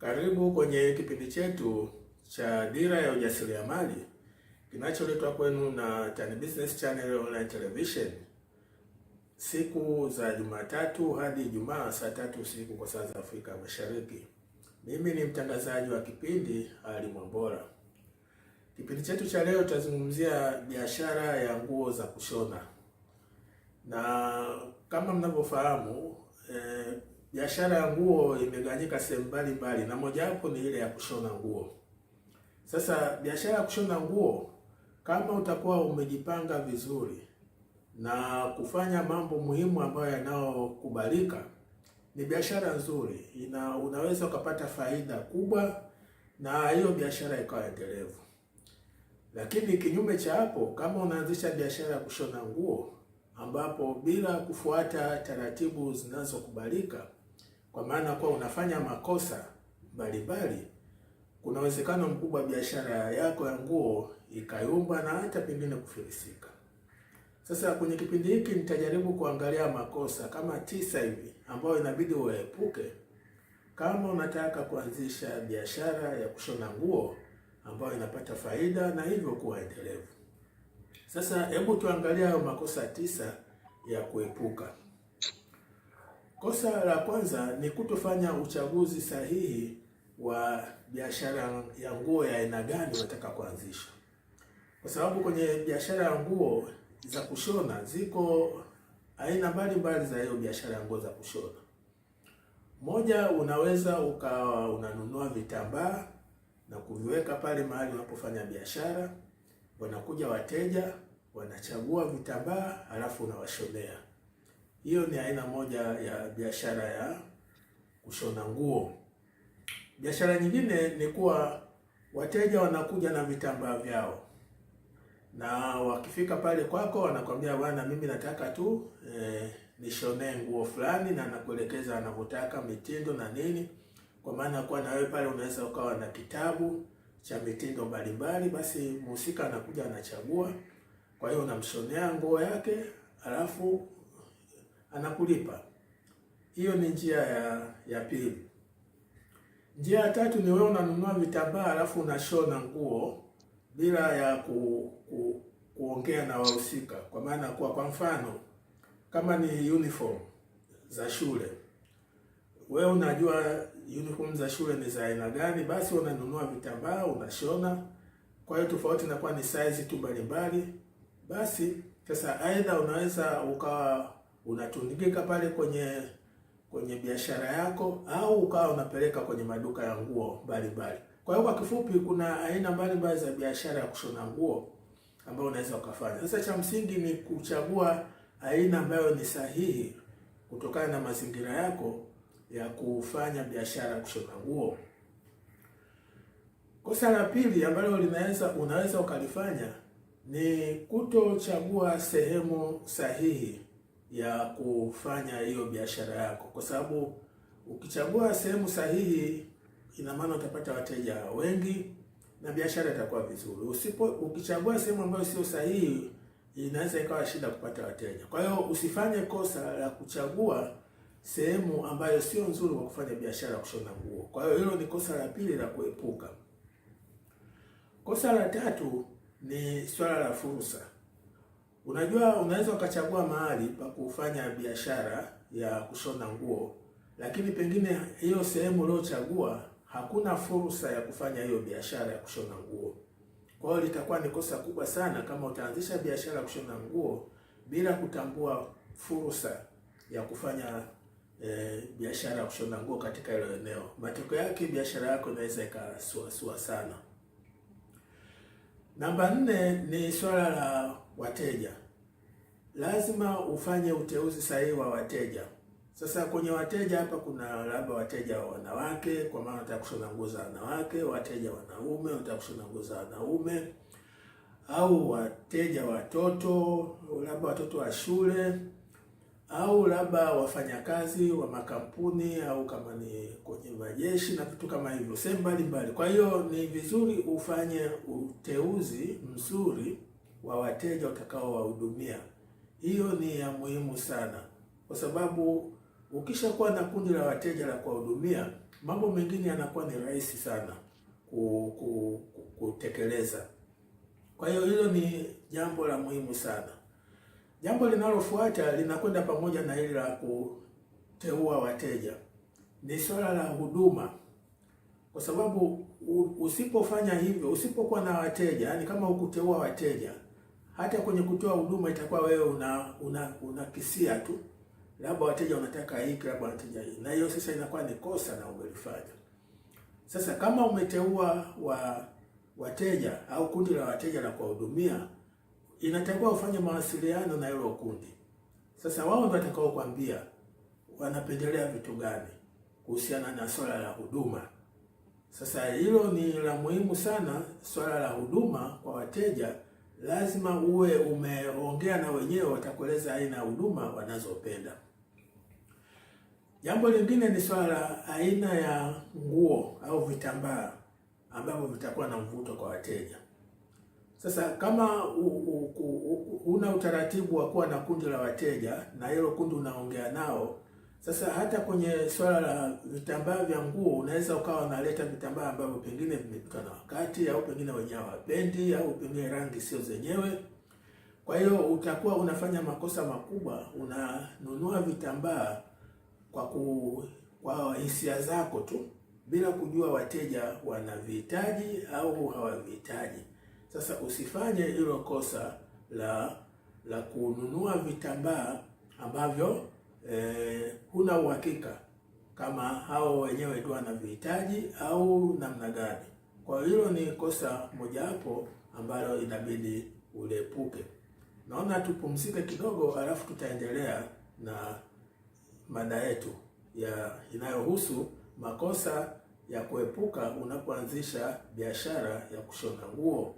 Karibu kwenye kipindi chetu cha Dira ya Ujasiriamali kinacholetwa kwenu na Tan Business Channel Online Television siku za Jumatatu hadi Ijumaa saa tatu usiku kwa saa za Afrika Mashariki. Mimi ni mtangazaji wa kipindi Ali Mwambola. Kipindi chetu cha leo tutazungumzia biashara ya nguo za kushona, na kama mnavyofahamu eh, biashara ya nguo imeganyika sehemu mbalimbali, na mojawapo ni ile ya kushona nguo. Sasa biashara ya kushona nguo, kama utakuwa umejipanga vizuri na kufanya mambo muhimu ambayo yanayokubalika, ni biashara nzuri ina, unaweza ukapata faida kubwa na hiyo biashara ikawa endelevu. Lakini kinyume cha hapo, kama unaanzisha biashara ya kushona nguo ambapo bila kufuata taratibu zinazokubalika kwa maana kuwa unafanya makosa mbalimbali, kuna uwezekano mkubwa biashara yako ya nguo ikayumba na hata pengine kufilisika. Sasa kwenye kipindi hiki nitajaribu kuangalia makosa kama tisa hivi ambayo inabidi uepuke kama unataka kuanzisha biashara ya kushona nguo ambayo inapata faida na hivyo kuwa endelevu. Sasa hebu tuangalie hayo makosa tisa ya kuepuka. Kosa la kwanza ni kutofanya uchaguzi sahihi wa biashara ya nguo ya aina gani unataka kuanzisha, kwa sababu kwenye biashara ya nguo za kushona ziko aina mbalimbali za hiyo biashara ya nguo za kushona. Moja, unaweza ukawa unanunua vitambaa na kuviweka pale mahali unapofanya biashara, wanakuja wateja wanachagua vitambaa, halafu unawashonea hiyo ni aina moja ya biashara ya kushona nguo. Biashara nyingine ni kuwa wateja wanakuja na vitambaa vyao, na wakifika pale kwako wanakwambia, bwana, mimi nataka tu eh, nishonee nguo fulani, na nakuelekeza anavyotaka mitindo na nini, kwa maana kuwa na wewe pale unaweza ukawa na kitabu cha mitindo mbalimbali. Basi mhusika anakuja anachagua, kwa hiyo unamshonea nguo yake alafu anakulipa. Hiyo ni njia ya, ya pili. Njia ya tatu ni wewe unanunua vitambaa alafu unashona nguo bila ya ku, ku, kuongea na wahusika, kwa maana kuwa, kwa mfano kama ni uniform za shule, wewe unajua uniform za shule ni za aina gani, basi unanunua vitambaa unashona. Kwa hiyo tofauti inakuwa ni size tu mbalimbali. Basi sasa, aidha unaweza ukawa unatundikika pale kwenye kwenye biashara yako au ukawa unapeleka kwenye maduka ya nguo mbalimbali. Kwa hiyo kwa kifupi, kuna aina mbalimbali za biashara ya kushona nguo ambayo unaweza ukafanya. Sasa cha msingi ni kuchagua aina ambayo ni sahihi kutokana na mazingira yako ya kufanya biashara ya kushona nguo. Kosa la pili ambalo linaweza unaweza ukalifanya ni kutochagua sehemu sahihi ya kufanya hiyo biashara yako, kwa sababu ukichagua sehemu sahihi, ina maana utapata wateja wengi na biashara itakuwa vizuri. Usipo ukichagua sehemu ambayo sio sahihi, inaweza ikawa shida kupata wateja. Kwa hiyo usifanye kosa la kuchagua sehemu ambayo sio nzuri kwa kufanya biashara kushona nguo. Kwa hiyo hilo ni kosa la pili la kuepuka. Kosa la tatu ni swala la fursa. Unajua, unaweza ukachagua mahali pa kufanya biashara ya kushona nguo, lakini pengine hiyo sehemu uliochagua hakuna fursa ya kufanya hiyo biashara ya kushona nguo. Kwa hiyo litakuwa ni kosa kubwa sana kama utaanzisha biashara ya kushona nguo bila kutambua fursa ya kufanya e, biashara ya kushona nguo katika hilo eneo. Matokeo yake biashara yako inaweza ikasuasua sana. Namba nne ni swala la wateja lazima ufanye uteuzi sahihi wa wateja. Sasa kwenye wateja hapa kuna labda wateja wa wanawake, kwa maana unataka kushona nguo za wanawake, wateja wanaume, unataka kushona nguo za wanaume, au wateja watoto, labda watoto wa shule, au labda wafanyakazi wa makampuni, au kama ni kwenye majeshi na vitu kama hivyo, sehemu mbalimbali. Kwa hiyo ni vizuri ufanye uteuzi mzuri wa wateja utakaowahudumia. Hiyo ni ya muhimu sana, kwa sababu ukishakuwa na kundi la wateja la kuwahudumia, mambo mengine yanakuwa ni rahisi sana kutekeleza. Kwa hiyo hilo ni jambo la muhimu sana. Jambo linalofuata linakwenda pamoja na hili la kuteua wateja, ni swala la huduma, kwa sababu usipofanya hivyo, usipokuwa na wateja, yani kama ukuteua wateja hata kwenye kutoa huduma itakuwa wewe una una unakisia tu, labda wateja wanataka hiki, labda wateja hii, na hiyo sasa inakuwa ni kosa na umelifanya. Sasa kama umeteua wa wateja au kundi la wateja la kuwahudumia, inatakiwa ufanye mawasiliano na hilo kundi. Sasa wao ndio watakao kuambia wanapendelea vitu gani kuhusiana na swala la huduma. Sasa hilo ni la muhimu sana, swala la huduma kwa wateja lazima uwe umeongea na wenyewe, watakueleza aina ya huduma wanazopenda. Jambo lingine ni swala la aina ya nguo au vitambaa ambavyo vitakuwa na mvuto kwa wateja. Sasa kama u, u, u, u, una utaratibu wa kuwa na kundi la wateja na hilo kundi unaongea nao sasa hata kwenye swala la vitambaa vya nguo unaweza ukawa unaleta vitambaa ambavyo pengine vimepitwa na wakati au pengine wenyewe hawapendi au pengine rangi sio zenyewe. Kwa hiyo utakuwa unafanya makosa makubwa, unanunua vitambaa kwa ku, kwa hisia zako tu bila kujua wateja wanavihitaji au hawavihitaji. Sasa usifanye hilo kosa la la kununua vitambaa ambavyo eh, huna uhakika kama hao wenyewe tu vihitaji au namna gani. Kwa hilo ni kosa mojawapo ambalo inabidi uliepuke. Naona tupumzike kidogo, halafu tutaendelea na mada yetu ya inayohusu makosa ya kuepuka unapoanzisha biashara ya kushona nguo.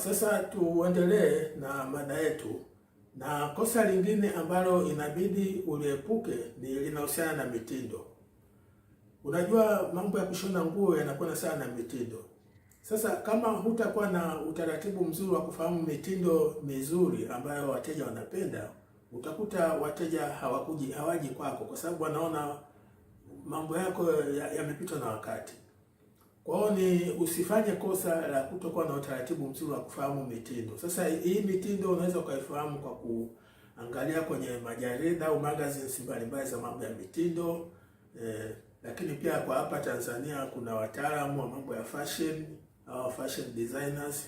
sasa tuendelee na mada yetu, na kosa lingine ambalo inabidi uliepuke ni linahusiana na mitindo. Unajua, mambo ya kushona nguo yanakwenda sana na mitindo. Sasa kama hutakuwa na utaratibu mzuri wa kufahamu mitindo mizuri ambayo wateja wanapenda, utakuta wateja hawakuji hawaji kwako kwa sababu wanaona mambo yako yamepitwa ya na wakati. Kwa hiyo ni usifanye kosa la kutokuwa na utaratibu mzuri wa kufahamu mitindo. Sasa hii mitindo unaweza ukaifahamu kwa kuangalia kwenye majarida au magazines mbalimbali za mambo ya mitindo eh, lakini pia kwa hapa Tanzania kuna wataalamu wa mambo ya fashion au fashion designers.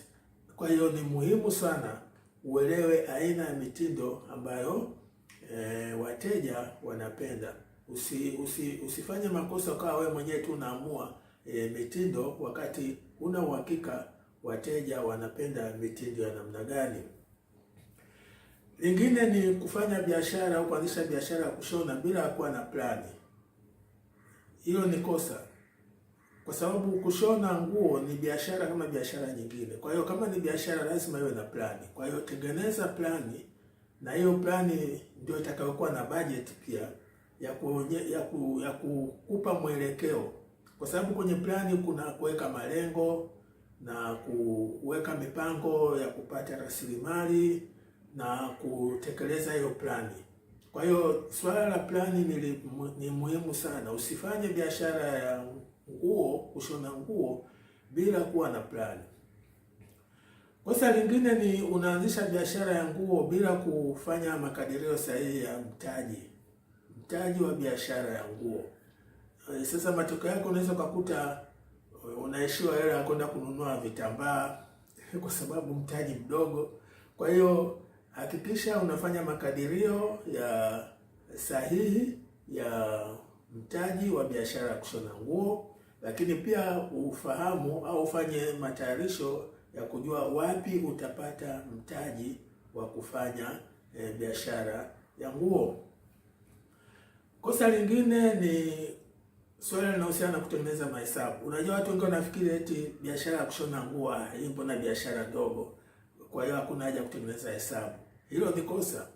Kwa hiyo ni muhimu sana uelewe aina ya mitindo ambayo e, wateja wanapenda. Usi, usi, usifanye makosa ukawa wewe mwenyewe tu unaamua e, mitindo wakati una uhakika wateja wanapenda mitindo ya namna gani. Lingine ni kufanya biashara au kuanzisha biashara ya kushona bila kuwa na plani. Hiyo ni kosa, kwa sababu kushona nguo ni biashara kama biashara nyingine. Kwa hiyo kama ni biashara, lazima iwe na plani. Kwa hiyo tengeneza plani, na hiyo plani ndio itakayokuwa na budget pia ya kuonye, ya, ku, ya kukupa mwelekeo kwa sababu kwenye plani kuna kuweka malengo na kuweka mipango ya kupata rasilimali na kutekeleza hiyo plani. Kwa hiyo swala la plani ni muhimu sana. Usifanye biashara ya nguo, kushona nguo bila kuwa na plani. Kosa lingine ni unaanzisha biashara ya nguo bila kufanya makadirio sahihi ya mtaji, mtaji wa biashara ya nguo. Eh, sasa matokeo yake unaweza ukakuta eh, unaishiwa hela ya kwenda kununua vitambaa eh, kwa sababu mtaji mdogo. Kwa hiyo hakikisha unafanya makadirio ya sahihi ya mtaji wa biashara ya kushona nguo, lakini pia ufahamu au ufanye matayarisho ya kujua wapi utapata mtaji wa kufanya e, biashara ya nguo. Kosa lingine ni Swala linahusiana na kutengeneza mahesabu. Unajua watu wengi wanafikiri eti biashara ya kushona nguo ah, ipo na biashara ndogo, kwa hiyo hakuna haja kutengeneza hesabu. Hilo ni kosa.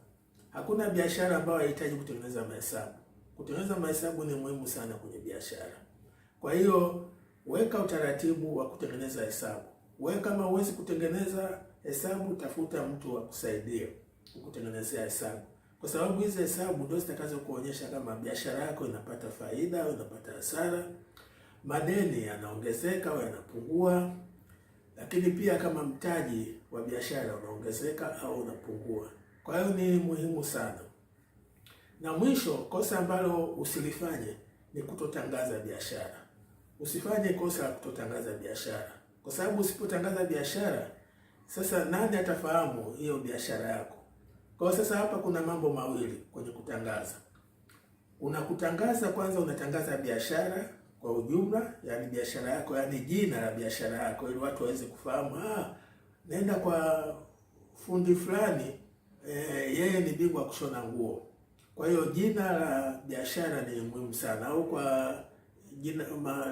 Hakuna biashara ambayo haihitaji kutengeneza mahesabu. Kutengeneza mahesabu ni muhimu sana kwenye biashara. Kwa hiyo weka utaratibu wa kutengeneza hesabu. Wewe kama huwezi kutengeneza hesabu, tafuta mtu kusaidia kukutengenezea hesabu kwa sababu hizi hesabu ndio zitakazo kuonyesha kama biashara yako inapata faida au inapata hasara, madeni yanaongezeka au yanapungua, lakini pia kama mtaji wa biashara unaongezeka au unapungua. Kwa hiyo ni muhimu sana. Na mwisho, kosa ambalo usilifanye ni kutotangaza biashara. Usifanye kosa la kutotangaza biashara, kwa sababu usipotangaza biashara, sasa nani atafahamu hiyo biashara yako? Kwa sasa hapa kuna mambo mawili kwenye kutangaza. Una kutangaza kwanza, unatangaza biashara kwa ujumla, yani biashara yako, yani jina la biashara yako, ili watu waweze kufahamu, ah, naenda kwa fundi fulani eh, yeye ni bingwa kushona nguo. Kwa hiyo jina la biashara ni muhimu sana, au kwa jina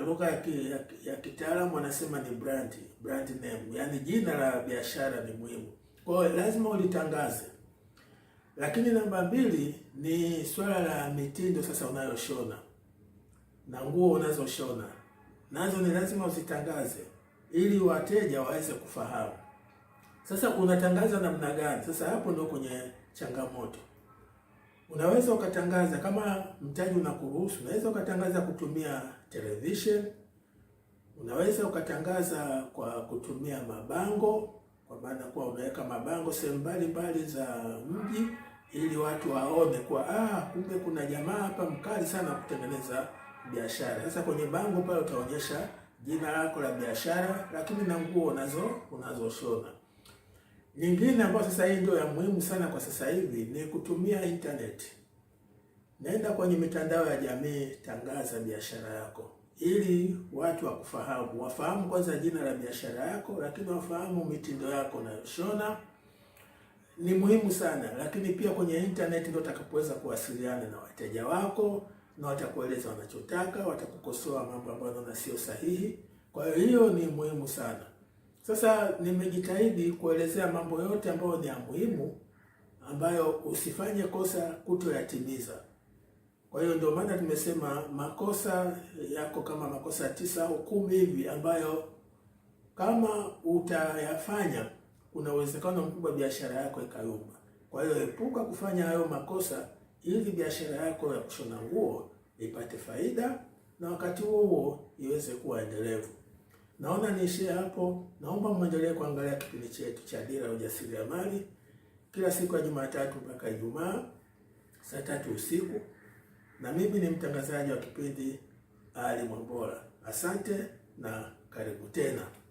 lugha ya, ya, ya kitaalamu wanasema ni brand, brand name, yani jina la biashara ni muhimu. Kwa hiyo lazima ulitangaze lakini namba mbili ni swala la mitindo sasa unayoshona na nguo unazoshona nazo ni lazima uzitangaze ili wateja waweze kufahamu. Sasa unatangaza namna gani? Sasa hapo ndio kwenye changamoto. Unaweza ukatangaza kama mtaji unakuruhusu, unaweza ukatangaza kutumia television, unaweza ukatangaza kwa kutumia mabango kwa maana kuwa unaweka mabango sehemu mbalimbali za mji ili watu waone kuwa ah, kumbe kuna jamaa hapa mkali sana kutengeneza biashara. Sasa kwenye bango pale utaonyesha jina lako la biashara, lakini na nguo unazo unazoshona. Nyingine ambayo sasa hii ndio ya muhimu sana kwa sasa hivi ni kutumia internet. Naenda kwenye mitandao ya jamii, tangaza biashara yako ili watu wakufahamu, wafahamu kwanza jina la biashara yako, lakini wafahamu mitindo yako unayoshona ni muhimu sana. Lakini pia kwenye internet ndio utakapoweza kuwasiliana na wateja wako, na watakueleza wanachotaka, watakukosoa mambo ambayo unaona sio sahihi. Kwa hiyo ni muhimu sana. Sasa nimejitahidi kuelezea mambo yote ambayo ni ya muhimu, ambayo usifanye kosa kutoyatimiza. Kwa hiyo ndio maana tumesema makosa yako kama makosa tisa au kumi hivi ambayo kama utayafanya kuna uwezekano mkubwa biashara yako ikayumba. Kwa hiyo epuka kufanya hayo makosa ili biashara yako ya kushona nguo ipate faida na wakati huo huo iweze kuwa endelevu. Naona niishie hapo. Naomba mwendelee kuangalia kipindi chetu cha Dira ya Ujasiriamali kila siku ya Jumatatu mpaka Ijumaa saa tatu usiku na mimi ni mtangazaji wa kipindi Ali Mwambola. Asante na karibu tena.